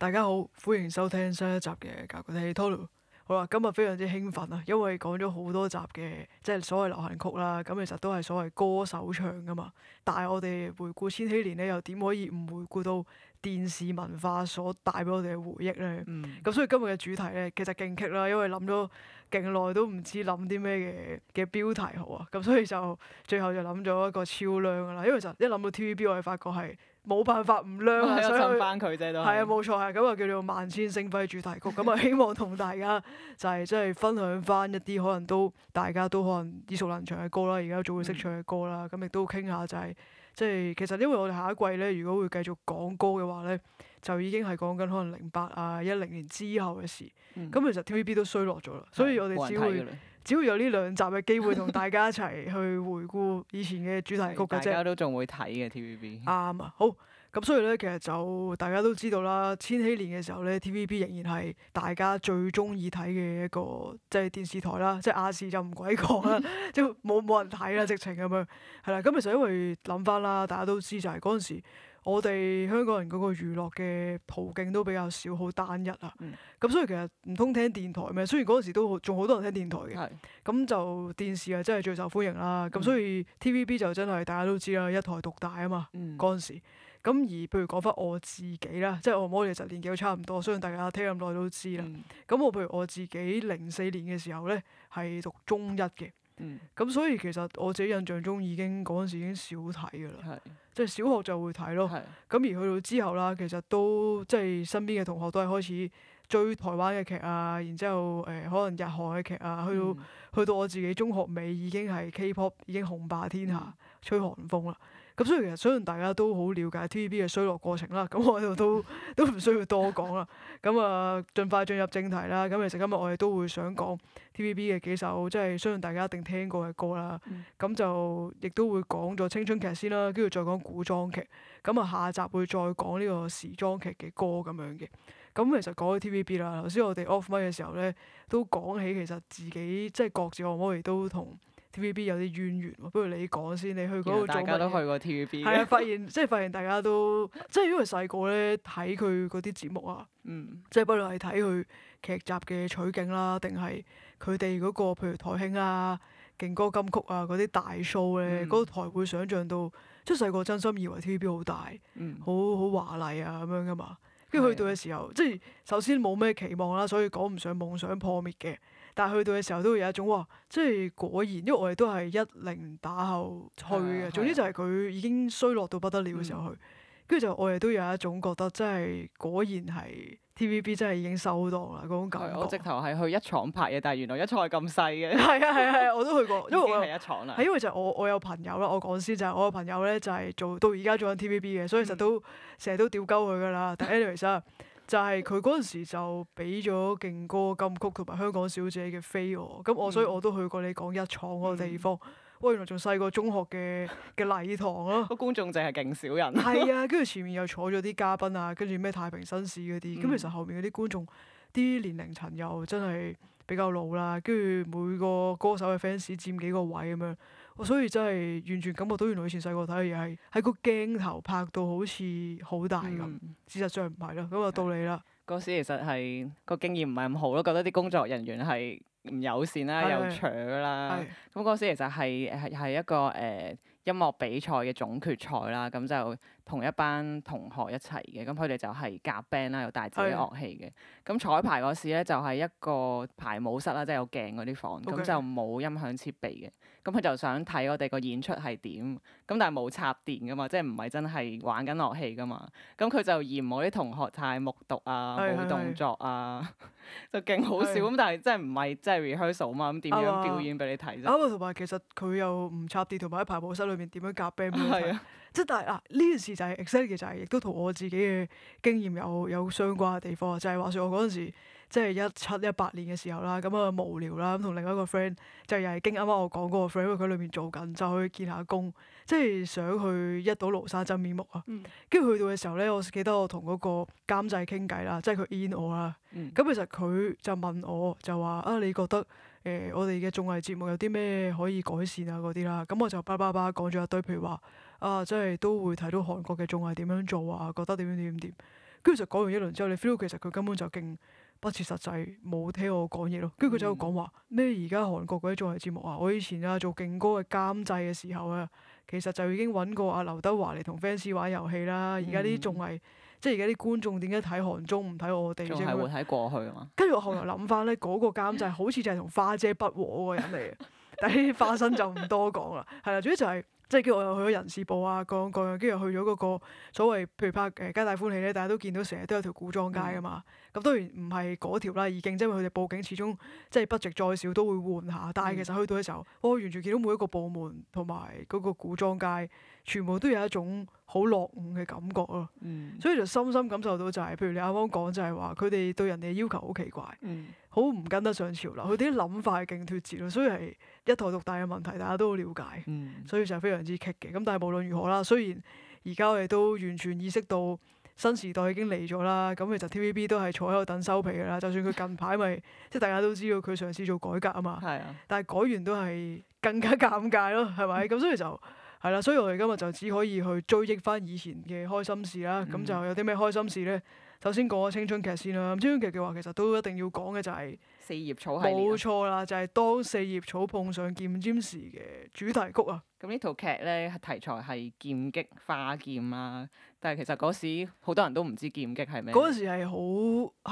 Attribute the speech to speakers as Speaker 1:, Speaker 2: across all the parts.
Speaker 1: 大家好，歡迎收聽新一集嘅《隔國聽起》，Total 好啦，今日非常之興奮啊，因為講咗好多集嘅，即係所謂流行曲啦，咁其實都係所謂歌手唱噶嘛。但係我哋回顧千禧年咧，又點可以唔回顧到電視文化所帶俾我哋嘅回憶咧？咁、嗯、所以今日嘅主題咧，其實勁棘啦，因為諗咗勁耐都唔知諗啲咩嘢嘅標題好啊。咁所以就最後就諗咗一個超靚噶啦，因為就一諗到 TVB，我哋發覺係。冇辦法唔孏啊，所以係啊，冇錯係咁啊，就叫做萬千星輝主題曲咁啊， 希望同大家就係即係分享翻一啲可能都大家都可能耳熟能詳嘅歌啦，而家都仲會識唱嘅歌啦，咁亦、嗯、都傾下就係即係其實因為我哋下一季咧，如果會繼續講歌嘅話咧，就已經係講緊可能零八啊一零年之後嘅事，咁、嗯、其實 T V B 都衰落
Speaker 2: 咗啦，所以我哋只會，嗯
Speaker 1: 只要有呢兩集嘅機會同大家一齊去回顧以前嘅主題曲嘅啫， 大
Speaker 2: 家都仲會睇嘅 TVB。啱
Speaker 1: TV 啊，um, 好咁，所以咧其實就大家都知道啦，千禧年嘅時候咧，TVB 仍然係大家最中意睇嘅一個即係電視台啦，即係亞視就唔鬼講啦, 啦，即係冇冇人睇啦，直情咁樣係啦。咁其實因為諗翻啦，大家都知就係嗰陣時。我哋香港人嗰個娛樂嘅途徑都比較少，好單一啊。咁、嗯、所以其實唔通聽電台咩？雖然嗰陣時都仲好多人聽電台嘅。咁是就電視啊，真係最受歡迎啦。咁、嗯、所以 TVB 就真係大家都知啦，一台獨大啊嘛，嗰陣時。咁而譬如講翻我自己啦，即、就、係、是、我 m 摩利 e 就年紀都差唔多，相信大家聽咁耐都知啦。咁、嗯、我譬如我自己零四年嘅時候咧，係讀中一嘅。嗯，咁所以其實我自己印象中已經嗰陣時已經少睇嘅啦，即係的小學就會睇咯。咁的而去到之後啦，其實都即係、就是、身邊嘅同學都係開始追台灣嘅劇啊，然之後誒、呃、可能日韓嘅劇啊，去到、嗯、去到我自己中學尾已經係 K-pop 已經紅霸天下，嗯、吹韓風啦。咁所以其實相信大家都好了解 TVB 嘅衰落過程啦，咁我喺度都都唔需要多講啦。咁啊， 盡快進入正題啦。咁其實今日我哋都會想講 TVB 嘅幾首即係相信大家一定聽過嘅歌啦。咁就亦都會講咗青春劇先啦，跟住再講古裝劇。咁啊，下集會再講呢個時裝劇嘅歌咁樣嘅。咁其實講到 TVB 啦，頭先我哋 off mic 嘅時候咧，都講起其實自己即係各自我哋都同 TVB 有啲淵源喎，不如你講先。你去嗰度做乜嘢？大家都去
Speaker 2: 過 TVB。係啊，發
Speaker 1: 現即係發現大家都 即係因為細個咧睇佢嗰啲節目啊，嗯、即係不論係睇佢劇集嘅取景啦，定係佢哋嗰個譬如台慶啊、勁歌金曲啊嗰啲大 show 咧，嗰、嗯、個台會想象到即係細個真心以為 TVB 好大，好好、嗯、華麗啊咁樣噶嘛。跟住去到嘅時候，即係、嗯、首先冇咩期望啦，所以講唔上夢想破滅嘅。但係去到嘅時候都有一種哇，即係果然，因為我哋都係一零打後去嘅。的總之就係佢已經衰落到不得了嘅時候去，跟住、嗯、就我哋都有一種覺得，真係果然係 TVB 真係已經收檔啦嗰種感覺。我
Speaker 2: 直頭係去一廠拍嘅，但係原來一廠係咁細嘅。係啊係啊，係啊，我都去過，因為我係一廠啦。係因為
Speaker 1: 就我我有朋友啦，我講先就係、是、我有朋友咧，就係做到而家做緊 TVB 嘅，所以就都成日、嗯、都吊鳩佢噶啦。但 anyways。 就係佢嗰陣時就俾咗勁歌金曲同埋香港小姐嘅飛我，咁我、嗯、所以我都去過你講一廠嗰個地方，哇、嗯哦、原來仲細過
Speaker 2: 中學嘅嘅禮堂咯，個 觀眾淨係勁少人，係 啊，
Speaker 1: 跟住前面又坐咗啲嘉賓啊，跟住咩太平紳士嗰啲，咁、嗯、其實後面嗰啲觀眾啲年齡層又真係比較老啦，跟住每個歌手嘅 fans 佔幾個位咁樣。我所以真係完全感覺到，原來以前細個睇嘅嘢係喺個鏡頭拍到好似好大咁，嗯、事實上唔係咯。
Speaker 2: 咁啊到你啦，嗰時其實係個經驗唔係咁好咯，覺得啲工作人員係唔友善啦，又長啦。咁嗰時其實係係係一個誒，呃音樂比賽嘅總決賽啦，咁就同一班同學一齊嘅，咁佢哋就係夾 band 啦，有帶自己樂器嘅。咁的彩排嗰時咧，就係一個排舞室啦，即係有鏡嗰啲房，咁 Okay. 就冇音響設備嘅。咁佢就想睇我哋個演出係點，咁但係冇插電㗎嘛，即係唔係真係玩緊樂器㗎嘛。咁佢就嫌我啲同學太木獨啊，冇的動作啊。就勁好笑咁，的但係真係唔係真係 rehearsal 嘛？咁點樣表演俾你睇啫？啊，同
Speaker 1: 埋其實佢又唔插電，同埋喺排舞室裏面點樣夾 band 啊。即係但係嗱，呢件事就係、是、exactly 就係、是，亦都同我自己嘅經驗有有相關嘅地方，就係、是、話說我嗰陣時。即係一七一八年嘅時候啦，咁啊無聊啦，咁同另一個 friend 就係、又係經啱啱我講嗰個 friend，因為佢裏面做緊就去見下工，即係想去一睹廬山真面目啊。跟住、嗯、去到嘅時候咧，我記得我同嗰個監製傾偈啦，即係佢 in 我啦。咁、嗯、其實佢就問我就話啊，你覺得誒、呃、我哋嘅綜藝節目有啲咩可以改善啊？嗰啲啦，咁我就叭叭叭講咗一堆，譬如話啊，即係都會睇到韓國嘅綜藝點樣做啊，覺得點點點點。跟住就講完一輪之後，你 feel 其實佢根本就勁。不切實際，冇聽我講嘢咯。跟住佢就喺度講話咩？而家韓國嗰啲綜藝節目啊，我以前啊做勁歌嘅監製嘅時候啊，其實就已經揾過阿劉德華嚟同 fans 玩遊戲啦。而家啲仲係即係而家啲觀眾點解睇韓綜唔睇我哋？仲係活喺
Speaker 2: 過去嘛。
Speaker 1: 跟住我後來諗翻咧，嗰、那個監製好似就係同花姐不和嗰個人嚟嘅。 但係啲花生就唔多講啦。係啦、就是，總之就係。即係叫我又去咗人事部啊，各樣各樣，跟住去咗嗰個所謂，譬如拍誒皆、呃、大歡喜咧，大家都見到成日都有條古裝街㗎嘛，咁當然唔係嗰條啦，已經，因為佢哋佈景始終即係不值再少都會換下。但係其實去到嘅時候，嗯、我完全見到每一個部門同埋嗰個古裝街，全部都有一種好落伍嘅感覺咯。嗯、所以就深深感受到、就係，就係譬如你啱啱講，就係話佢哋對人哋嘅要求好奇怪。嗯好唔跟得上潮流，佢啲諗法係勁脱節咯，所以係一台獨大嘅問題，大家都好了解，嗯、所以就係非常之棘嘅。咁但係無論如何啦，雖然而家我哋都完全意識到新時代已經嚟咗啦，咁其實 TVB 都係坐喺度等收皮噶啦。就算佢近排咪、就是，即係大家都知道佢嘗試做改革啊嘛，啊但係改完都係更加尷尬咯，係咪？咁所以就係啦，所以我哋今日就只可以去追憶翻以前嘅開心事啦。咁就有啲咩開心事呢？首先講下青春劇先啦。青春劇嘅話，其實都一定要講嘅就係、是、四葉
Speaker 2: 草係冇錯啦，就係、是、當四葉草碰上劍尖時嘅主題曲啊。咁呢套劇咧，題材係劍擊花劍啊，但係其實嗰時好多人都唔知劍擊係咩。嗰陣時
Speaker 1: 係好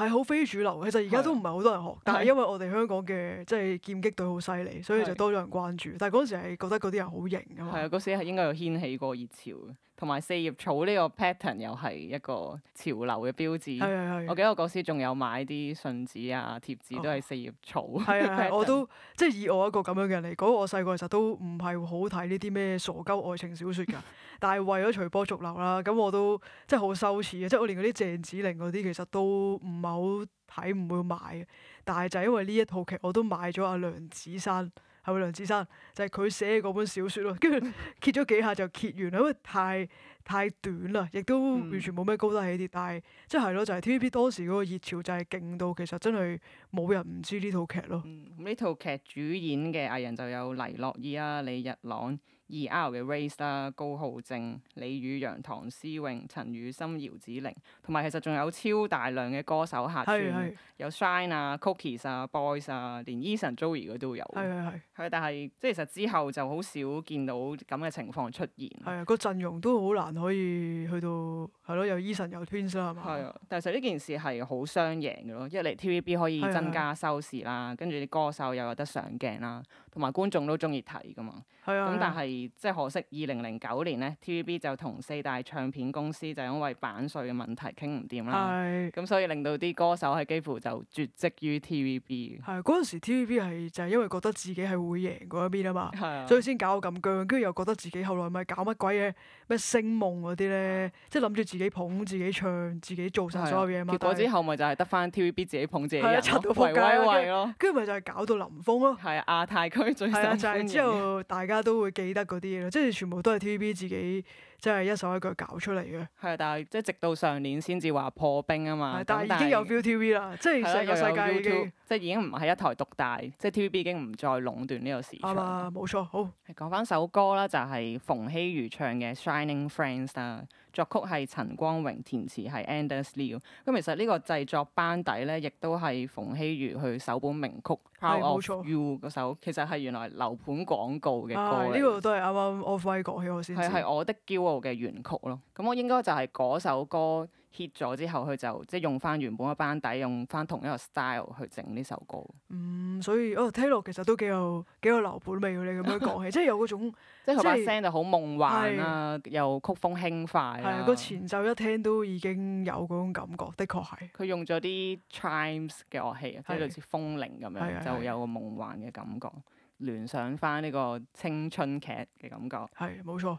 Speaker 1: 係好非主流，其實而家都唔係好多人學，的但係因為我哋香港嘅即係劍擊隊好犀利，所以就多咗人關注。的但係嗰陣時係覺得嗰啲人好型啊
Speaker 2: 嘛。係啊，嗰時係應該有掀起過熱潮嘅。同埋四葉草呢個 pattern 又係一個潮流嘅標誌。我記得我嗰時仲有買啲信紙啊、貼紙都係四葉草，哦。係啊係，pattern 我都
Speaker 1: 即係以我一個咁樣嘅人嚟講，我細個其實都唔係好睇呢啲咩傻鳩愛情小説㗎。 但係為咗隨波逐流啦，咁我都即係好羞恥嘅，即係我連嗰啲鄭梓靈嗰啲其實都唔係好睇，唔會買。但係就係因為呢一套劇，我都買咗阿梁子珊。係咪梁智山，就係佢寫嘅嗰本小說咯，跟住揭咗幾下就揭完啦，因為太太短啦，亦都完全冇咩高低起跌，但係即係咯，就係、是、TVB 當時嗰個熱潮就係勁到其實真係冇人唔知呢套劇
Speaker 2: 咯。呢套、嗯、劇主演嘅藝人就有黎諾懿啊、李日朗、E.R. 嘅 Race 啦，r r ace，高浩正、李宇陽、唐詩詠、陳雨生、姚子羚，同埋其實仲有超大量嘅歌手客串，是是是有 Shine 啊、Cookies 啊、Boys 啊，連 Eason、Joey 佢都有。係啊，但係即係其實之後就好少見到咁嘅情況出現。係啊，個陣容都好難可以去到，係咯，有 Eason 有 Twins 係嘛。係啊，但係其實呢件事係好雙贏嘅咯，一嚟 TVB 可以增加收視啦，跟住啲歌手又有得上鏡啦。同埋觀眾都中意睇噶嘛，咁但係即係可惜，二零零九年咧，TVB 就同四大唱片公司就因為版稅嘅問題傾唔掂啦，咁所以令到啲歌手係幾乎就絕跡於 TVB。係
Speaker 1: 嗰陣時，TVB 係就係因為覺得自己係會贏過一邊啊嘛，所以先搞到咁僵，跟住又覺得自己後來咪搞乜鬼嘢，咩星夢嗰啲咧，即係諗住自己捧自己唱，
Speaker 2: 自己做晒所有嘢嘛。結果之後咪就係得翻 TVB 自己捧自己，一齊咯。
Speaker 1: 跟住咪就係搞到林峰咯，
Speaker 2: 係亞太區。係啊 人，就係、是、之後
Speaker 1: 大家都會記得嗰啲嘢咯，即、就、係、是、全部都係 TVB 自己即係、就是、一手一腳搞出嚟嘅。
Speaker 2: 係啊，但係即係直到上年先至話破冰啊嘛。但係已經有 ViuTV 啦，即係成個世界已經。即係已經唔係一台獨大，即係 TVB 已經唔再壟斷呢個市場。啱冇、嗯、錯，好。講翻首歌啦，就係、是、馮曦妤唱嘅《Shining Friends》啦，作曲係陳光榮，填詞係 Anders Liu。咁其實呢個製作班底咧，亦都係馮曦妤佢首本名曲《Proud of You》嗰首，其實係原來樓盤廣告嘅歌呢、啊呢個都係啱啱
Speaker 1: 我 first 講起我先知。係，係我
Speaker 2: 的驕傲嘅原曲咯。咁我應該就係嗰首歌。hit 咗之後，佢就即係用翻原本個班底，用翻同一個 style 去整呢首歌。嗯，
Speaker 1: 所以哦聽落其實都幾有幾有留本味啊！你咁樣講起， 即係有嗰種，即係佢把聲就好
Speaker 2: 夢幻啊，是又曲風輕快啦。係啊，個
Speaker 1: 前奏一聽都已經有嗰種，嗰個、種感覺。的確係。佢
Speaker 2: 用咗啲 chimes 嘅樂器，即係類似風鈴咁樣，就有個夢幻嘅感覺，聯想翻呢個青春劇嘅感覺。係，冇錯。的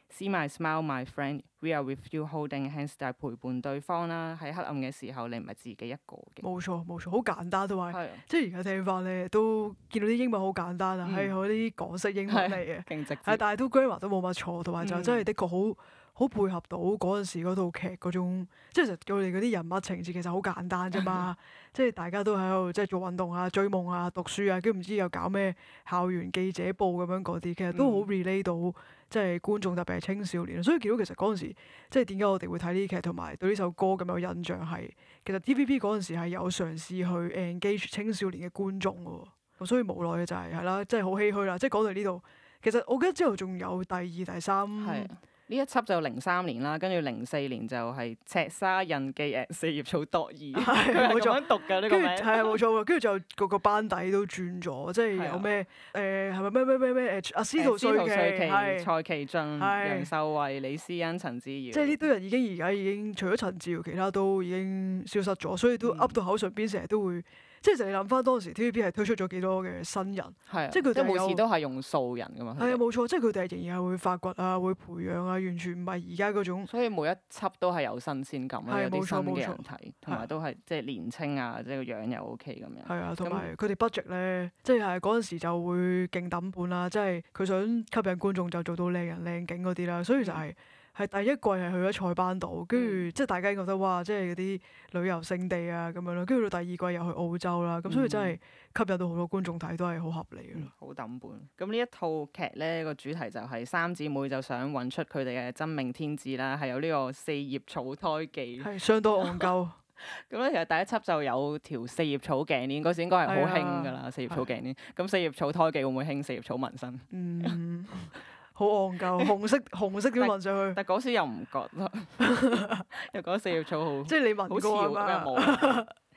Speaker 2: See my smile, my friend. We are with you, holding hands. 但陪伴對方啦、啊，喺黑暗嘅時候，你唔係自己一個嘅。冇錯，冇錯，好簡單都係。是即係而家
Speaker 1: 聽翻咧，都見到啲英文好簡單啊，係嗰啲港式英文嚟嘅。
Speaker 2: 平是 直接。但係都
Speaker 1: grammar 都冇乜錯，同埋就真係的確好。嗯好配合到嗰陣時嗰套劇嗰種，即係其實我哋嗰啲人物情節其實好簡單啫嘛， 即係大家都喺度即係做運動啊、追夢啊、讀書啊，跟唔知又搞咩校園記者報咁樣嗰啲，其實都好 relate 到、嗯、即係觀眾特別係青少年。所以見到其實嗰陣時即係點解我哋會睇呢啲劇，同埋對呢首歌咁有印象係，其實 TVB 嗰陣時係有嘗試去 engage 青少年嘅觀眾喎。所以無奈就係係啦，真係好唏噓啦。即係講到呢度，其實我記得之後仲有
Speaker 2: 第二、第三。 呢一輯就零三年啦，跟住零四年就係《赤沙印記》誒是， 《四葉草》多二，佢係咁樣讀嘅呢個名，係
Speaker 1: 冇錯喎。跟住 就個個班底都轉咗，即係有咩誒係咪咩咩咩咩？阿是、啊呃啊、司徒瑞琪、是蔡
Speaker 2: 奇俊、楊秀慧、是李思恩、陳自瑤，即係呢
Speaker 1: 堆人已經而家已經除咗陳自瑤，其他都已經消失咗，所以都噏到口上邊，成日都會。嗯即係你諗翻當時 TVB 係推出咗幾多嘅新人，即係佢哋每次都係
Speaker 2: 用素人噶嘛。係啊，
Speaker 1: 冇錯，即係佢哋仍然係
Speaker 2: 會發掘啊，會培養啊，完全唔係而家嗰種。所以每一輯都係有新鮮感，有啲新嘅人睇，同埋都係即係年青啊，即係個樣又 OK 咁樣。係啊，同埋佢
Speaker 1: 哋 budget 咧，即係嗰陣時就會勁抌本啦，即係佢想吸引觀眾就做到靚人靚景嗰啲啦，所以就係。係第一季係去咗塞班島，跟住即係大家覺得哇，即係嗰啲旅遊勝地啊咁樣咯。跟住到第二季又去澳洲啦，咁、嗯、所以真係吸引到好多觀眾睇，都係好合理噶咯。好抌、嗯、本。
Speaker 2: 咁呢一套劇咧個主題就係、是、三姊妹就想揾出佢哋嘅真命天子啦，係有呢個四葉草胎記，係相當戇鳩。咁咧 其實第一集就有條四葉草頸鏈，嗰時應該係好興噶啦，啊、四葉草頸鏈。咁是四葉草胎記會唔會興四葉草紋身？嗯 好戇鳩，紅色，
Speaker 1: 紅色點聞
Speaker 2: 上去？但嗰時又唔覺咯， 又覺得四葉草好，即係 你聞過啊嘛。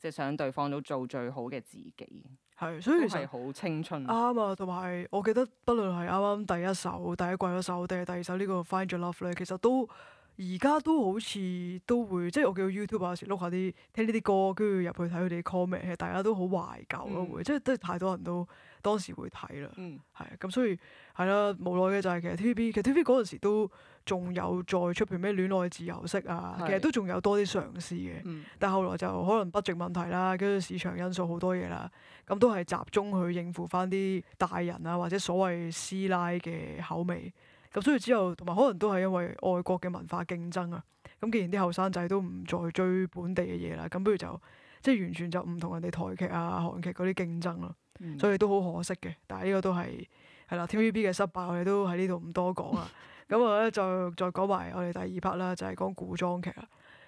Speaker 2: 即係想對方都做最好嘅自己，係，所以其實好青春，啱
Speaker 1: 啊！同埋我記得，不論係啱啱第一首、第一季嗰首，定係第二首呢個《Find Your Love》咧，其實都而家都好似都會，即係我見到 YouTube 有時碌下啲聽呢啲歌，跟住入去睇佢哋 comment，係大家都好懷舊咯，嗯、會即係都太多人都當時會睇啦，係咁、嗯，所以係啦，無奈嘅就係、是、其實 TVB，其實 TVB 嗰陣時都。仲有再出邊咩戀愛自由式啊，其實都仲有多啲嘗試嘅。嗯、但後來就可能 budget 問題啦，跟住市場因素好多嘢啦，咁都係集中去應付翻啲大人啊或者所謂師奶嘅口味。咁所以之後同埋可能都係因為外國嘅文化競爭啊。咁既然啲後生仔都唔再追本地嘅嘢啦，咁不如就即係、就是、完全就唔同人哋台劇啊、韓劇嗰啲競爭啦。嗯、所以都好可惜嘅。但係呢個都係係啦，TVB 嘅失敗，我哋都喺呢度唔多講啊。 咁我咧就再講埋我哋第二 part 啦，就係講古裝劇啦。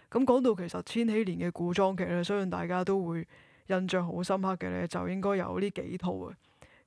Speaker 1: 咁講到其實千禧年嘅古裝劇咧，相信大家都會印象好深刻嘅咧，就應該有呢幾套啊。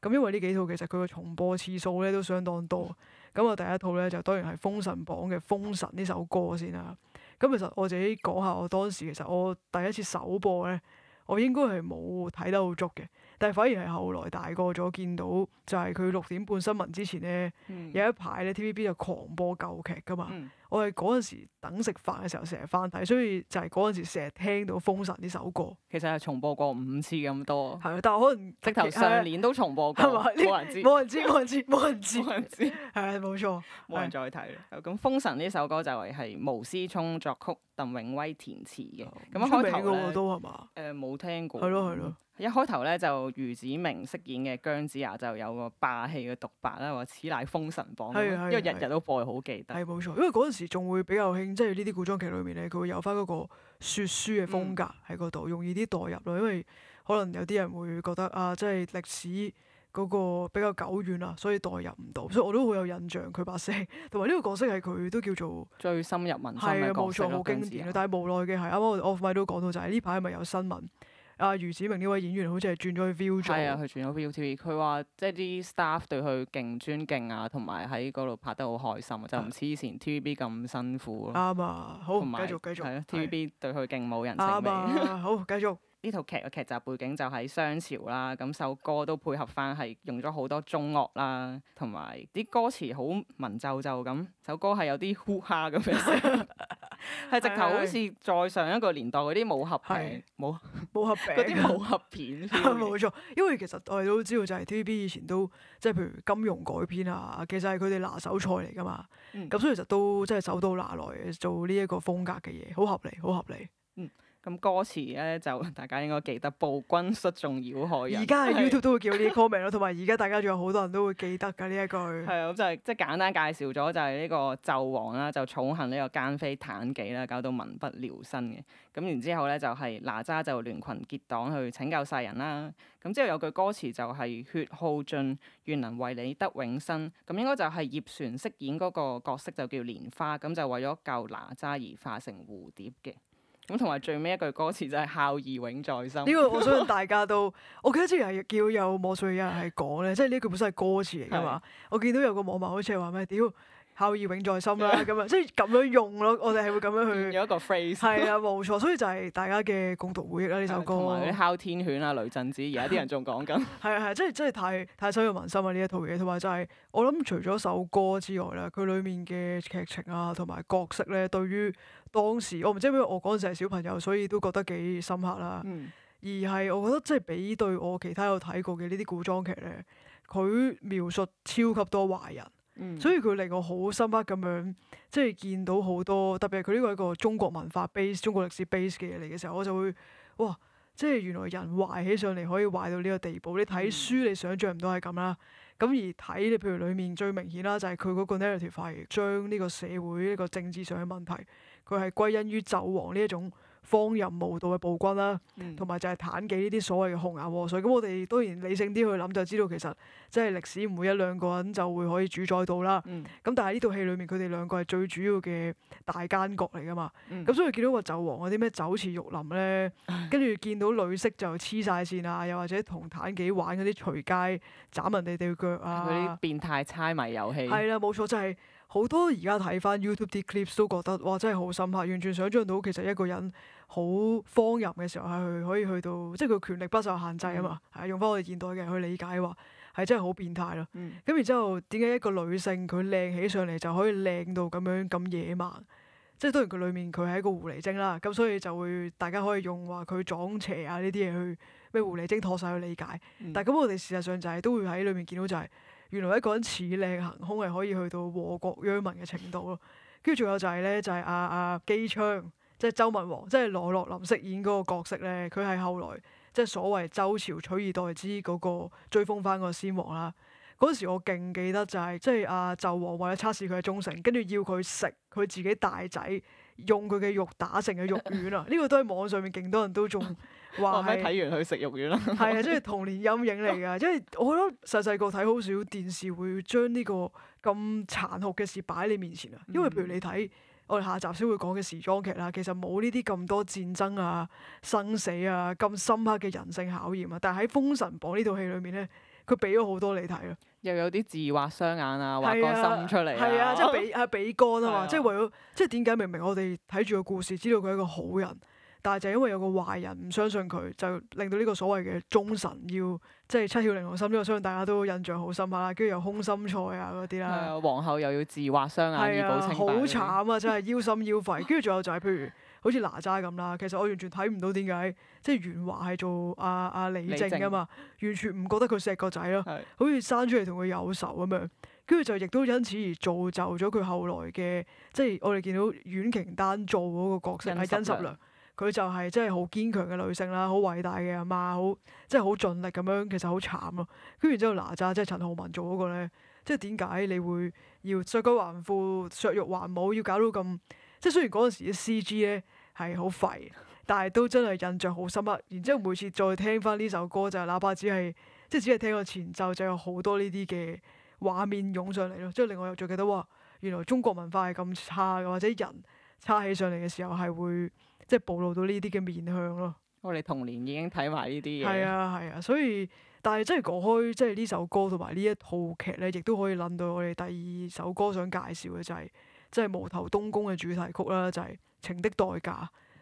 Speaker 1: 咁因為呢幾套其實佢嘅重播次數咧都相當多。咁我第一套咧就當然係《封神榜》嘅《封神》呢首歌先啦。咁其實我自己講下我當時其實我第一次首播咧，我應該係冇睇得好足嘅。但係反而係後來大個咗見到，就係佢六點半新聞之前咧，嗯，有一排咧 TVB 就狂播舊劇噶嘛。嗯。我哋嗰陣時等食飯嘅時候成日翻睇，所以就係嗰陣時成日聽
Speaker 2: 到《封神》呢首歌。其實係重播過五次咁多。係，但係可能直頭上年都重播過，冇人知。冇人知，冇人知，冇人知。冇人知係冇錯。冇人再睇。咁《封神》呢首歌就係係毛思聰作曲、鄧永威填詞嘅。咁一開頭咧，都係嘛？誒，冇聽過。係咯係咯。一開頭咧就余子明飾演嘅姜子牙就有個霸氣嘅獨白啦，話：此乃封神榜。係因為日日都播，好記得。係
Speaker 1: 冇錯，因為嗰陣。時仲會比較興，即係呢啲古裝劇裏面咧，佢會有翻嗰個説書嘅風格喺嗰度，嗯、容易啲代入咯。因為可能有啲人會覺得啊，即係歷史嗰個比較久遠啦，所以代入唔到。所以我都好有印象佢把聲，同埋呢個角色係佢都叫做最深入民心嘅角色。係啊，冇錯，好經典啊！但係無奈嘅係，啱啱我 off mic 都講到
Speaker 2: 就係呢排係咪有新聞？啊，余子明呢位演員好似係轉咗去 Viu 咗，係啊，佢轉咗 ViuTV 佢話即係啲 staff 對佢勁尊敬啊，同埋喺嗰度拍得好開心，就唔似以前 TVB 咁辛苦咯。啱啊，好，繼續繼續。係啊，TVB 對佢勁冇人情味。好，繼續。呢套劇嘅劇集背景就喺商朝啦，咁首歌都配合返，係用咗好多中樂啦，同埋啲歌詞好文縐縐。咁，首歌係有啲呼哈咁樣，係 直頭好似再上一個年代嗰啲武俠片，冇武俠片嗰啲武俠片，
Speaker 1: 冇錯。因為其實我哋都知道，就係 TVB 以前都即係譬如金庸改編啊，其實係佢哋拿手菜嚟㗎嘛，咁、嗯、所以其實都即係手到拿來做呢一個風格嘅嘢，好合理，好合理，嗯。
Speaker 2: 咁歌詞咧就大家應該記得，暴君率眾妖害人。而家喺 YouTube 是都會叫呢啲 comment
Speaker 1: 咯，同埋而家大家仲有好多人都會記得㗎呢一句。係啊， 咁
Speaker 2: 就係即係簡單介紹咗就係呢個紂王啦，就寵幸呢個奸妃妲己啦，搞到民不聊生嘅。咁然之後咧就係哪吒就聯群結黨去拯救世人啦。咁之後有句歌詞就係、是、血耗盡，願能為你得永生。咁應該就係葉璇飾演嗰個角色就叫蓮花，咁就為咗救哪吒而化成蝴蝶嘅。咁同埋最尾一句歌詞就係、是、孝義永在心。呢個我相信大
Speaker 1: 家都，我記得之前係叫有網上有人係講咧，即係呢句本身係歌詞嚟噶嘛。是的 我見到有個網民好似係話咩，屌孝義永在心啦，咁啊， 即係咁樣
Speaker 2: 用咯。我哋係會咁樣去變咗一個 phrase。係啊，
Speaker 1: 冇錯，所以就係大家
Speaker 2: 嘅共同回憶啦呢首歌。哮天犬啊、雷震子，而家啲人仲講緊。係啊係啊，即係即係
Speaker 1: 太太深入民心啊呢一套嘢。同埋就係、是、我諗除咗首歌之外啦，佢裏面嘅劇情啊，同埋角色咧，對於。當時我唔知點解我嗰陣時係小朋友，所以都覺得幾深刻啦。嗯、而係我覺得即係比對我其他有睇過嘅呢啲古裝劇咧，佢描述超級多壞人，嗯、所以佢令我好深刻咁樣，即係見到好多特別係佢呢個係一個中國文化 base、中國歷史 base 嘅嘢嚟嘅時候，我就會哇！即係原來人壞起上嚟可以壞到呢個地步，你睇書你想像唔到係咁啦。咁、嗯、而睇你譬如裡面最明顯啦，就係佢嗰個 narrative 將呢個社會呢、呢個政治上嘅問題。佢係歸因於紂王呢一種荒淫無道嘅暴君啦，同埋、嗯、就係妲己呢啲所謂嘅紅顏禍水。咁我哋當然理性啲去諗，就知道其實即係歷史唔會一兩個人就會可以主宰到啦。咁、嗯、但係呢套戲裡面佢哋兩個係最主要嘅大奸角嚟㗎嘛。咁、嗯、所以見到個紂王嗰啲咩酒池肉林咧，跟住見到女色就黐晒線啊，又或者同妲己玩嗰啲隨街斬人哋條腳嗰、啊、啲
Speaker 2: 變態猜謎遊戲。係啦，
Speaker 1: 冇錯，就係、是。好多而家睇翻 YouTube 啲 clips 都覺得，哇！真係好深刻，完全想像到其實一個人好荒淫嘅時候係可以去到，即係佢權力不受限制啊嘛。係、嗯、用翻我哋現代嘅人去理解話，係真係好變態咯。咁然、嗯、之後，點解一個女性佢靚起上嚟就可以靚到咁樣咁野蠻？即係當然佢裡面佢係一個狐狸精啦。咁所以就會大家可以用話佢撞邪啊呢啲嘢去咩狐狸精駝晒去理解。嗯、但係咁我哋事實上就係、是、都會喺裡面見到就係、是。原來一個人似靚行兇係可以去到禍國殃民嘅程度咯，跟住仲有就係咧，就係阿阿姬昌，即係周文王，即係羅樂林飾演嗰個角色咧。佢係後來即係所謂周朝取而代之嗰個追封翻個先王啦。嗰時我勁記得就係、是、即係阿紂王為咗測試佢嘅忠誠，跟住要佢食佢自己大仔用佢嘅肉打成嘅肉丸啊！呢、這個都喺網上面勁多人都中。話係睇完去
Speaker 2: 食肉丸啦，係啊，即係
Speaker 1: 童年陰影嚟㗎。 即係我覺得細細個睇好少電視會將呢個咁殘酷嘅事擺喺你面前啊。因為譬如你睇我哋下集先會講嘅時裝劇啦，其實冇呢啲咁多戰爭啊、生死啊、咁深刻嘅人性考驗啊。但係喺《封神榜》呢套戲裏面咧，佢俾咗好
Speaker 2: 多你睇咯。又有啲字畫雙眼啊，畫個心出嚟。係啊，即係俾係俾
Speaker 1: 肝啊嘛，即係、啊、的的為咗，即係點解明明我哋睇住個故事，知道佢係一個好人？但就係因為有個壞人唔相信佢，就令到呢個所謂嘅忠臣要即係七竅玲瓏心，我相信大家都印象好深刻啦。跟住又空心菜啊嗰啲啦，
Speaker 2: 皇后又要自畫雙眼的以保清白，好慘啊！真係
Speaker 1: 腰心腰肺。跟住仲有就係、是、譬如好似哪吒咁啦，其實我完全睇唔到點解即係元華係做阿、啊、阿、啊、李靖啊嘛，完全唔覺得佢錫個仔咯，正好似生出嚟同佢有仇咁樣。跟住就亦都因此而造就咗佢後來嘅即係我哋見到阮瓊丹做嗰個角色係真實啦。佢就係真係好堅強嘅女性啦，好偉大嘅阿媽，好即係好盡力咁樣。其實好慘咯。跟住之後，哪吒即係陳浩民做嗰個咧，即係點解你會要削骨還父、削肉還母，要搞到咁即係雖然嗰陣時啲 C G 咧係好廢，但係都真係印象好深刻。然之後每次再聽翻呢首歌，就係哪怕只係即係只係聽個前奏，就有好多呢啲嘅畫面湧上嚟咯。即係令我又再記得哇，原來中國文化係咁差嘅，或者人差起上嚟嘅時候係會。即係暴露到呢啲嘅面向
Speaker 2: 咯，我哋、哦、童年已經睇埋呢啲嘢。係 啊，係啊，所以但係真係講開，即係呢
Speaker 1: 首歌同埋呢一套劇咧，亦都可以諗到我哋第二首歌想介紹嘅就係、是、即係《無頭東宮》嘅主題曲啦，就係、是《情的代價》。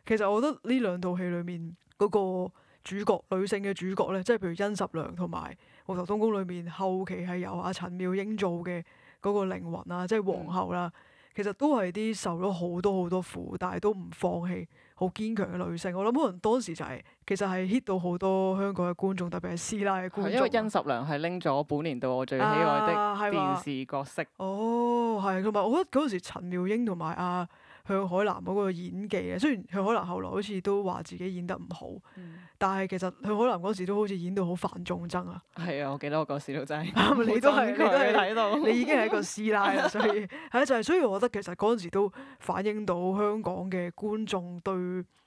Speaker 1: 其實我覺得呢兩套戲裡面嗰、那個主角女性嘅主角咧，即係譬如甄十娘同埋《無頭東宮》裏面後期係由阿陳妙英做嘅嗰個靈魂啊，即係皇后啦、啊。嗯其實都係啲受咗好多好多苦，但係都唔放棄，好堅強嘅女性。我諗可能當時就係、是、其實係 hit 到好多香港嘅觀眾，特別係師奶嘅觀眾。因為
Speaker 2: 殷十娘係拎咗本年度我最喜愛的電視角色。啊、哦，係，同埋我覺得嗰陣時陳
Speaker 1: 妙英同埋啊。向海嵐嗰個演技咧，雖然向海嵐後來好似都話自己演得唔好，嗯、但係其實向海嵐嗰時都好似演到好犯眾憎啊！
Speaker 2: 係啊，我記得我嗰時都真係、嗯，你都係你都睇到，你已經係一個師奶啦， 所以
Speaker 1: 係就係，所以我覺得其實嗰陣時都反映到香港嘅觀眾對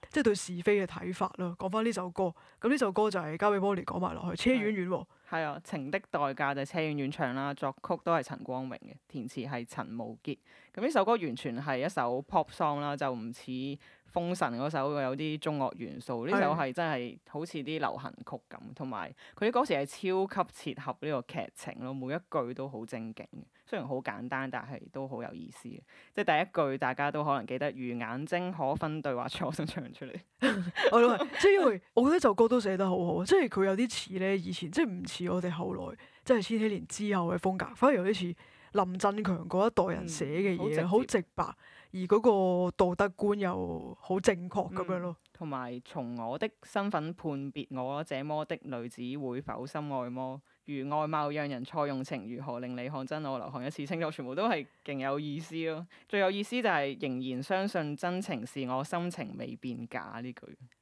Speaker 1: 即係、就是、對是非嘅睇法咯。講翻呢首歌，咁呢首歌就係交俾 Molly 講埋落去，扯遠遠。
Speaker 2: 係啊，情的代價就係車婉婉唱啦，作曲都係陳光榮嘅，填詞係陳無傑。咁呢首歌完全係一首 pop song 啦，就唔似。封神嗰首有啲中樂元素，呢是的 首係真係好似啲流行曲咁，同埋佢啲嗰時係超級切合呢個劇情咯，每一句都好正經，雖然好簡單，但係都好有意思。即係第一句大家都可能記得，如眼睛可分對或錯，想唱出嚟。 我都
Speaker 1: 係，即係因為我覺得就歌都寫得好好， 即係佢有啲似咧以前，即係唔似我哋後來，即係千禧年之後嘅風格。反而有啲似林振強嗰一代人寫嘅嘢，好、嗯、直，直白。而嗰個道德觀又好正確咁、嗯、樣咯，
Speaker 2: 同埋從我的身份判別我這麼的女子會否深愛我？如外貌讓人錯用情，如何令你看真我流行一次 清楚，全部都係勁有意思咯。最有意思就係、是、仍然相信真情是我心情未變假呢句。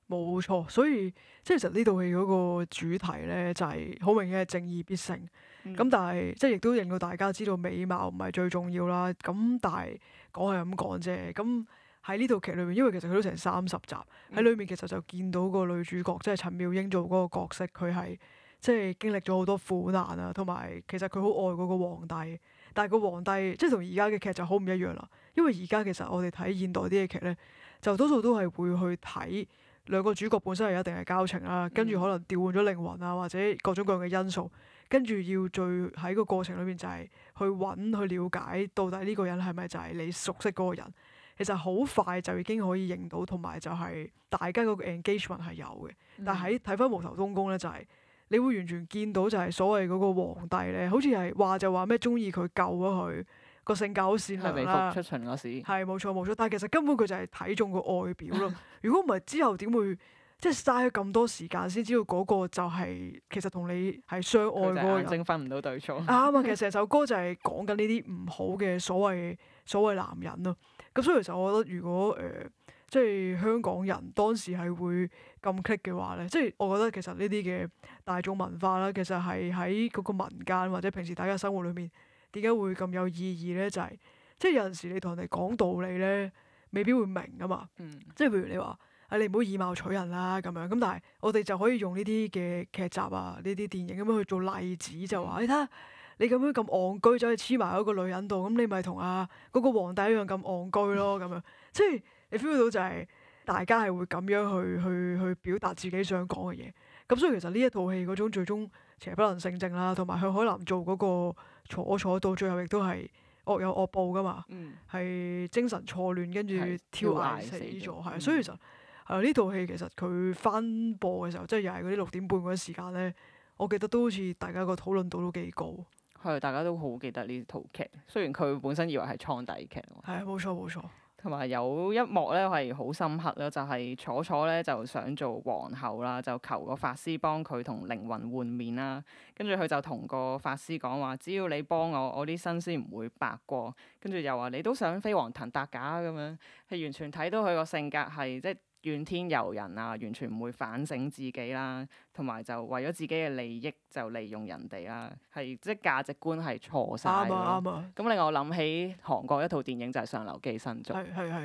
Speaker 2: 冇
Speaker 1: 錯，所以即係其實呢套戲嗰個主題呢，就係、是、好明顯係正義必勝。咁、嗯、但係即係亦都令到大家知道美貌唔係最重要啦。咁但係。講係咁講啫，咁喺呢套劇裏面，因為其實佢都成三十集喺裏、嗯、面，其實就見到個女主角即係、就是、陳妙英做嗰個角色，佢係即係經歷咗好多苦難啊，同埋其實佢好愛嗰個皇帝，但係個皇帝即係同而家嘅劇就好唔一樣啦。因為而家其實我哋睇現代啲嘅劇咧，就多數都係會去睇兩個主角本身係一定嘅交情啦，跟住可能調換咗靈魂啊，或者各種各樣嘅因素。跟住要最喺個過程裏邊就係去揾去了解到底呢個人係咪就係你熟悉嗰個人？其實好快就已經可以認到，同埋就係大家嗰個 engagement 係有嘅。但係睇返無頭東宮咧，就係、嗯、你會完全見到就係所謂嗰個皇帝咧，好似係話就話咩中意佢救咗佢、個性格好善良啦、啊。係咪出巡嗰時？係冇錯冇錯，但係其實根本佢就係睇中個外表咯。如果唔係之後點會？即係嘥咗咁多時間先知道嗰個就係其實同你係相愛嗰個人，眼睛
Speaker 2: 分唔到對錯 啊其實
Speaker 1: 成首歌就係講緊呢啲唔好嘅所謂所謂男人咯。咁所以其實我覺得，如果誒、呃、即係香港人當時係會咁 click 嘅話咧，即係我覺得其實呢啲嘅大眾文化啦，其實係喺嗰個民間或者平時大家生活裏面點解會咁有意義咧？就係、是、即係有陣時你同人哋講道理咧，未必會明啊嘛。嗯、即係譬如你話。啊！你唔好以貌取人啦，咁樣咁，但係我哋就可以用呢啲嘅劇集啊、呢啲電影咁、啊、樣去做例子，就話：你睇下，你咁樣咁戇居，走去黐埋喺個女人度，咁你咪同啊嗰、嗰個皇帝一樣咁戇居咯。咁樣即係 你 feel 到就係、係、大家係會咁樣去去去表達自己想講嘅嘢。咁所以其實呢一套戲嗰種最終邪不能勝正啦，同埋向海嵐做嗰、嗰個楚楚，坐到最後亦都係惡有惡報噶嘛。嗯，係精神錯亂，跟住跳崖死咗，係、嗯。所以其實。嗯。係啊！呢套戲其實佢翻播嘅時候，即係又係嗰啲六點半嗰啲時間咧，我記得都好似大家個討論度都
Speaker 2: 幾高。係，大家都好記得呢套劇。雖然佢本身以為係倉底劇。係啊，冇錯冇錯。同埋有，有一幕咧係好深刻啦，就係、是、楚楚咧就想做皇后啦，就求個法師幫佢同靈魂換面啦。跟住佢就同個法師講話：只要你幫我，我啲身先唔會白過。跟住又話你都想飛黃騰達㗎咁樣，係完全睇到佢個性格係即。怨天尤人啊，完全唔會反省自己啦，同埋就為咗自己嘅利益就利用人哋啦，係即係價值觀係錯曬。啱啱。咁另外我諗起韓國一套電影就係《上流寄生族》，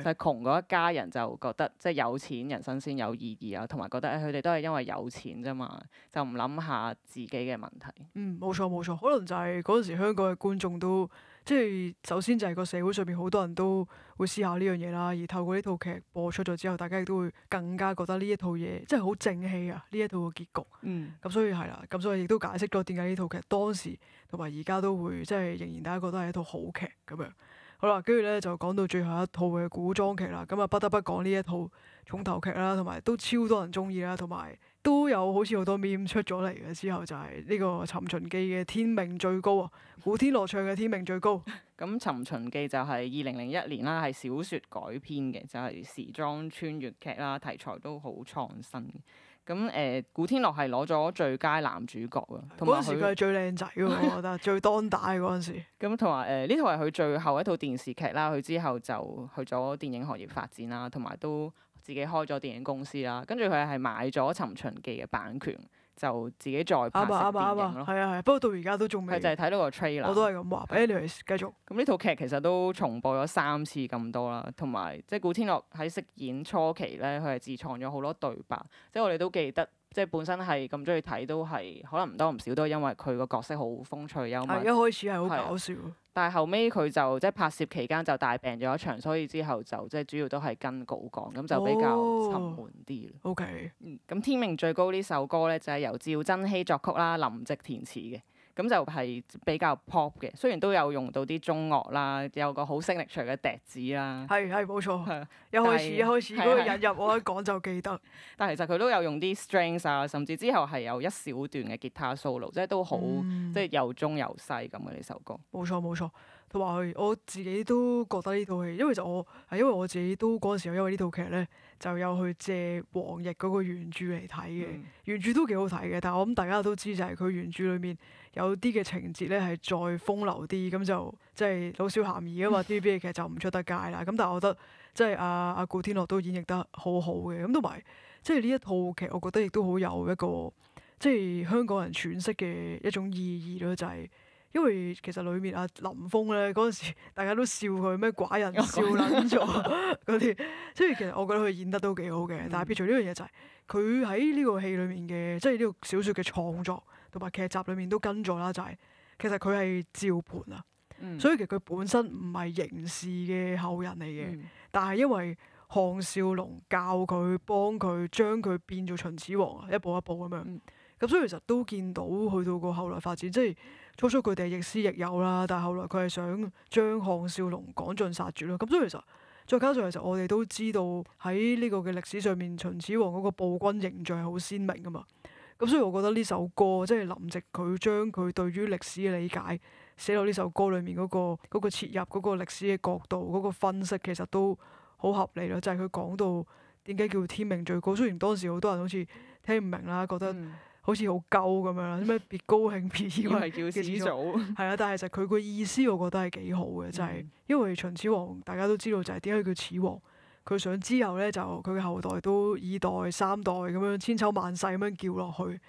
Speaker 2: 就係窮嗰一家人就覺得即係、就係、有錢人生先有意義啊，同埋覺得佢哋、哎、都係因為有錢啫嘛，就唔諗下自己嘅問題。嗯，
Speaker 1: 冇錯冇錯，可能就係嗰陣時香港嘅觀眾都。即係首先就係個社會上邊好多人都會思考呢樣嘢啦，而透過呢套劇播出咗之後，大家亦都會更加覺得呢一套嘢真係好正氣啊！呢一套嘅結局，咁、嗯、所以係啦，咁所以亦都解釋咗點解呢套劇當時同埋而家都會即係仍然大家覺得係一套好劇咁樣。好啦，跟住咧就講到最後一套嘅古裝劇啦，咁啊不得不講呢一套重頭劇啦，同埋都超多人中意啦，同埋。都有好似好多 meme 出咗嚟嘅，之後就係呢個尋秦記嘅《天命最高》啊，古天樂唱嘅《天命最高》，嗯。
Speaker 2: 咁《尋秦記》就係二零零一年啦，係小說改編嘅，就係、是、時裝穿越劇啦，題材都好創新。咁、嗯、誒，古天樂係攞咗最佳男主角啊，嗰陣時佢係
Speaker 1: 最靚仔喎，
Speaker 2: 我覺得 最當大嗰陣時。咁同埋誒，呢套係佢最後一套電視劇啦，佢之後就去咗電影行業發展啦，同埋都。自己開咗電影公司啦，跟住佢係買咗《尋秦記》嘅版權，就自己再拍成電影咯。
Speaker 1: 係啊係，不過到而家都仲未，佢就係睇
Speaker 2: 到個 trailer。我都係咁話，畀你繼續。咁呢套劇其實都重播咗三次咁多啦，同埋即係古天樂喺飾演初期咧，佢係自創咗好多對白，即係我哋都記得。即係本身係咁中意睇，都係可能唔多唔少都係因為佢個角色好風趣幽默。一開始係好搞笑，啊，但係後尾佢就即係拍攝期間就大病咗一場，所以之後就即係主要都係跟稿講，咁就比較沉悶啲。Oh, OK，咁、嗯《天命最高》呢首歌咧，就係、是、由趙增熹作曲啦，林夕填詞嘅。咁就係比較 pop 嘅，雖然都有用到啲中樂啦，有個好 signature 嘅笛子啦。係，係冇錯，係 一開始 一開始嗰個引入，我一講就記得。 但其實佢都有用啲 strings 啊，甚至之後係有一小段嘅吉他 solo，即係都好、嗯、即係又中又西咁嘅呢首歌。
Speaker 1: 冇錯冇錯，同埋我自己都覺得呢套戲，因為就我係因為我自己都嗰陣時，因為呢套劇咧就有去借黃易嗰個原著嚟睇嘅，嗯、原著都幾好睇嘅。但係我諗大家都知就係佢原著裏面。有啲嘅情節咧係再風流啲，咁就即係、就係、老少咸宜啊嘛！TVB 嘅劇就唔出得街啦。咁但係我覺得即係阿阿古天樂都演繹得好好嘅，咁同埋即係呢一套劇，我覺得亦都好有一個即係香港人喘息嘅一種意義咯，就係、係。因為其實裏面阿林峰咧嗰陣時，大家都笑佢咩寡人笑撚咗嗰啲，即係 其實我覺得佢演得都幾好嘅。嗯、但係撇除呢樣嘢就係、是，佢喺呢個戲裏面嘅，即係呢個小説嘅創作同埋劇集裏面都跟咗啦，就係、是、其實佢係趙盤啊。嗯、所以其實佢本身唔係嬴氏嘅後人嚟嘅，嗯、但係因為項少龍教佢幫佢將佢變做秦始皇，一步一步咁樣。咁、嗯嗯、所以其實都見到去到個後來發展，即係。初初佢哋亦師亦友啦，但係後來佢係想將項少龍趕盡殺絕咯。咁所以其實再加上其實我哋都知道喺呢個嘅歷史上面，秦始皇嗰個暴君形象係好鮮明噶嘛。咁所以我覺得呢首歌即係林夕佢將佢對於歷史嘅理解寫落呢首歌裏面，嗰個嗰個切入，嗰個歷史嘅角度，嗰個分析其實都好合理咯。就係佢講到點解叫「天命最高」，雖然當時好多人好似聽唔明啦，覺得、嗯。好似好鳩咁樣，咩別高興，別以為係叫始祖，係啊！ 但係其實佢個意思，我覺得係幾好嘅，就係、是、因為秦始皇大家都知道就係點解佢叫始皇，佢想之後咧，就佢嘅後代都二代三代咁樣千秋萬世咁樣叫落去，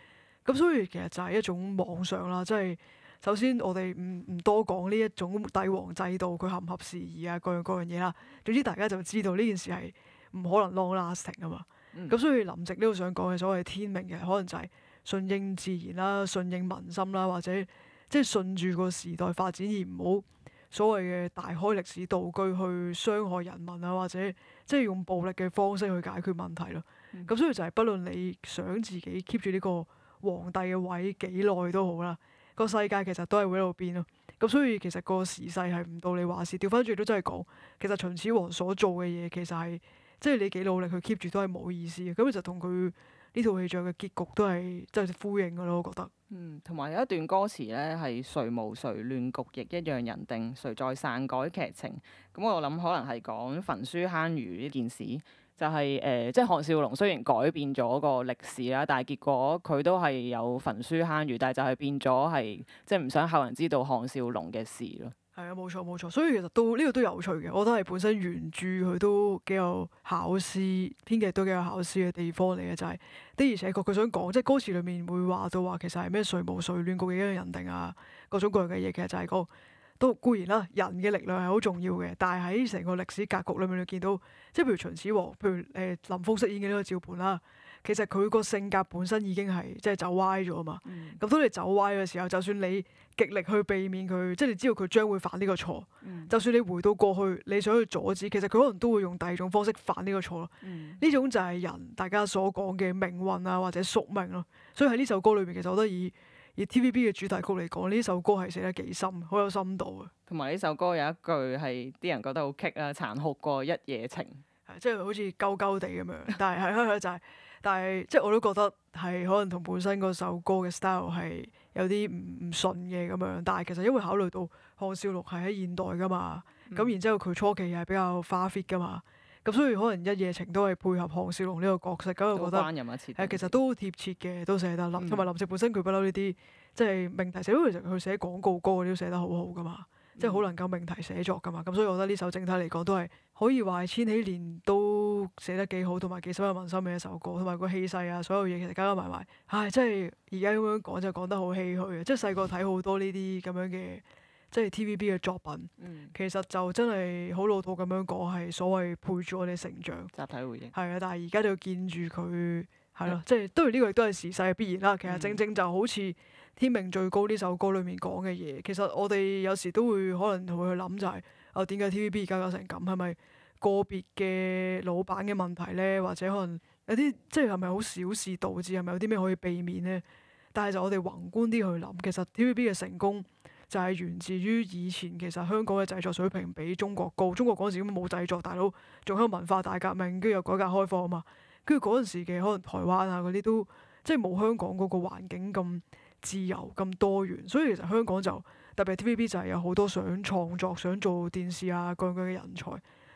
Speaker 1: 咁所以其實就係一種妄想啦。即、就、係、是、首先我哋唔唔多講呢一種帝王制度佢合唔合時宜啊，各樣各樣嘢啦。總之大家就知道呢件事係唔可能 long lasting 啊嘛。咁、嗯、所以林夕呢度想講嘅所謂天命嘅可能就係、是。順應自然啦，順應民心啦，或者即係順住個時代發展，而唔好所謂嘅大開歷史道具去傷害人民啊，或者即係用暴力嘅方式去解決問題咯。咁、嗯、所以就係，不論你想自己 keep 住呢個皇帝嘅位幾耐都好啦，個世界其實都係會喺度變咯。咁所以其實個時勢係唔到你話事，調翻轉都真係講，其實秦始皇所做嘅嘢其實係即係你幾努力去 keep 住都係冇意思嘅。咁其實同佢。呢套戲最後嘅結局都係即係呼應嘅咯，我覺得。嗯，
Speaker 2: 同埋有一段歌詞咧係誰無誰亂局亦一樣人定，誰在篡改劇情。咁、嗯、我諗可能係講焚書坑儒呢件事，就係、是、誒、呃，即係項少龍雖然改變咗個歷史啦，但係結果佢都係有焚書坑儒，但係就係變咗係即係唔想後人知道項少龍嘅事咯。
Speaker 1: 係啊，冇錯冇錯，所以其實都呢、這個都有趣嘅，我覺得係本身原著佢都幾有考試，編劇都幾有考試嘅地方嚟嘅，就係、是、的而且確佢想講，即、就、係、是、歌詞裏面會話到話其實係咩誰無、誰亂嘅一都人定啊，各種各樣嘅嘢其實就係個都固然啦，人嘅力量係好重要嘅，但係喺成個歷史格局裏面你見到，即係譬如秦始皇，譬如誒、呃、林峯飾演嘅呢個趙盤啦。其實佢個性格本身已經係即係走歪咗啊嘛，咁、嗯啊、當你走歪嘅時候，就算你極力去避免佢，即、就、係、是、你知道佢將會犯呢個錯，嗯、就算你回到過去你想去阻止，其實佢可能都會用第二種方式犯呢個錯咯。呢、嗯、種就係人大家所講嘅命運啊，或者宿命咯。所以喺呢首歌裏面，其實我覺得以以 TVB 嘅主題曲嚟講，呢首
Speaker 2: 歌係寫得幾深，好有深度嘅。同埋呢首歌有一句係啲人覺得好棘啦，殘酷過一夜情，
Speaker 1: 即係、就是、好似
Speaker 2: 鳩鳩地咁樣，但係係係就係、是。 但
Speaker 1: 係即係我都覺得係可能同本身嗰首歌嘅 style 係有啲唔唔順嘅咁樣，但係其實因為考慮到項少龍係喺現代㗎嘛，咁、嗯、然之後佢初期係比較花 fit 㗎嘛，咁所以可能一夜情都係配合項少龍呢個角色咁，我覺得係、嗯、其實都貼切嘅，都寫得林同埋、嗯、林夕本身佢不嬲呢啲即係命題寫，都其實佢寫廣告歌嗰啲都寫得好好㗎嘛，嗯、即係好能夠命題寫作㗎嘛，咁所以我覺得呢首整體嚟講都係可以話係千禧年都。寫得幾好，同埋幾深入民心嘅一首歌，同埋個氣勢啊，所有嘢其實加加埋埋，唉，真係而家咁樣講就講得好唏嘘嘅。即係細個睇好多呢啲咁樣嘅，即係 TVB 嘅作品，嗯、其實就真係好老土咁樣講，係所謂陪住我哋成長。集體回應係啊，但係而家就要見住佢，係咯，嗯、即係當然呢個亦都係時勢嘅必然啦。其實正正就好似《天命最高》呢首歌裏面講嘅嘢，其實我哋有時都會可能會去諗就係、是，哦，點解 TVB 而家搞成咁，係咪？個別嘅老闆嘅問題咧，或者可能有啲即係係咪好小事導致係咪有啲咩可以避免咧？但係就我哋宏觀啲去諗，其實 TVB 嘅成功就係源自於以前其實香港嘅製作水平比中國高。中國嗰陣時冇製作大佬，仲喺文化大革命，跟住又改革開放啊嘛。跟住嗰陣時嘅可能台灣啊嗰啲都即係冇香港嗰個環境咁自由咁多元，所以其實香港就特別 TVB 就係有好多想創作、想做電視啊各樣嘅人才。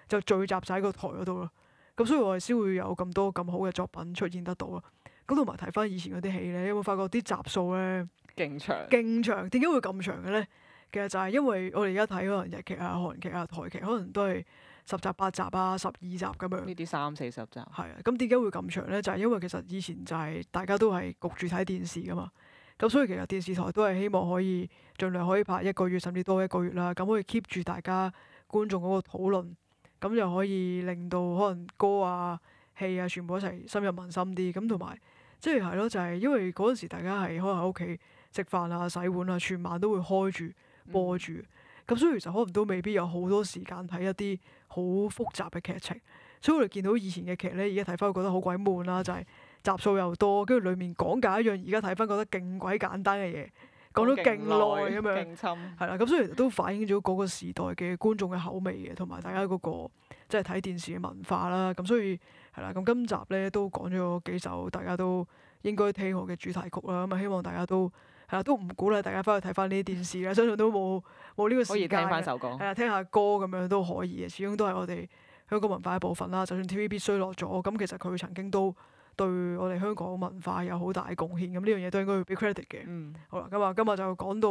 Speaker 1: 就聚集晒喺個台嗰度咯，咁所以我哋先會有咁多咁好嘅作品出現得到啦。咁同埋睇翻以前嗰啲戲咧，你有冇發覺啲集數咧勁長，勁長？點解會咁長嘅咧？其實就係因為我哋而家睇嗰陣日劇啊、韓劇啊、台劇，可能都係十集、八集啊、十二集咁樣。呢啲三四十集係啊，咁點解會咁長咧？就係、係、因為其實以前就係大家都係焗住睇電視噶嘛，咁所以其實電視台都係希望可以盡量可以拍一個月甚至多一個月啦，咁可以 keep 住大家觀眾嗰個討論。咁又可以令到可能歌啊、戲啊，全部一齊深入民心啲。咁同埋即係係咯，就係因為嗰陣時大家係可能喺屋企食飯啊、洗碗啊，全晚都會開住播住。咁所以其實可能都未必有好多時間睇一啲好複雜嘅劇情，所以我哋見到以前嘅劇咧，而家睇翻覺得好鬼悶啦，就係集數又多，跟住裡面講嘅一樣，而家睇翻覺得勁鬼簡單嘅嘢。講到勁耐咁
Speaker 2: 樣，
Speaker 1: 係啦，咁、嗯、所以都反映咗嗰個時代嘅觀眾嘅口味嘅，同埋大家嗰、嗰個即係睇電視嘅文化啦。咁所以係啦，咁今集咧都講咗幾首大家都應該聽過嘅主題曲啦。咁啊，希望大家都係啦，都唔鼓勵大家翻去睇翻呢啲電視啦，相信都冇冇呢個時間。可以聽翻首歌，係啊，聽下歌咁樣都可以嘅。始終都係我哋香港文化一部分啦。就算 TVB 衰落咗，咁其實佢曾經都～對我哋香港文化有好大嘅貢獻，咁呢樣嘢都應該要俾 credit 嘅。嗯、好啦，咁啊，今日就講到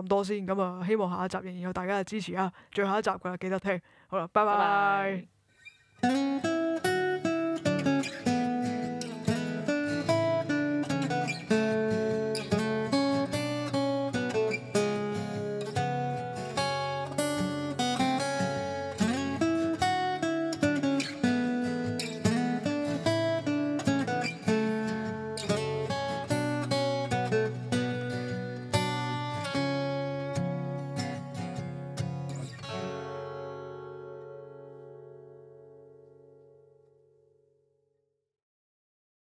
Speaker 1: 咁多先，咁啊，希望下一集仍然有大家嘅支持啊！最後一集嘅話，記得聽。好啦，拜拜。拜拜。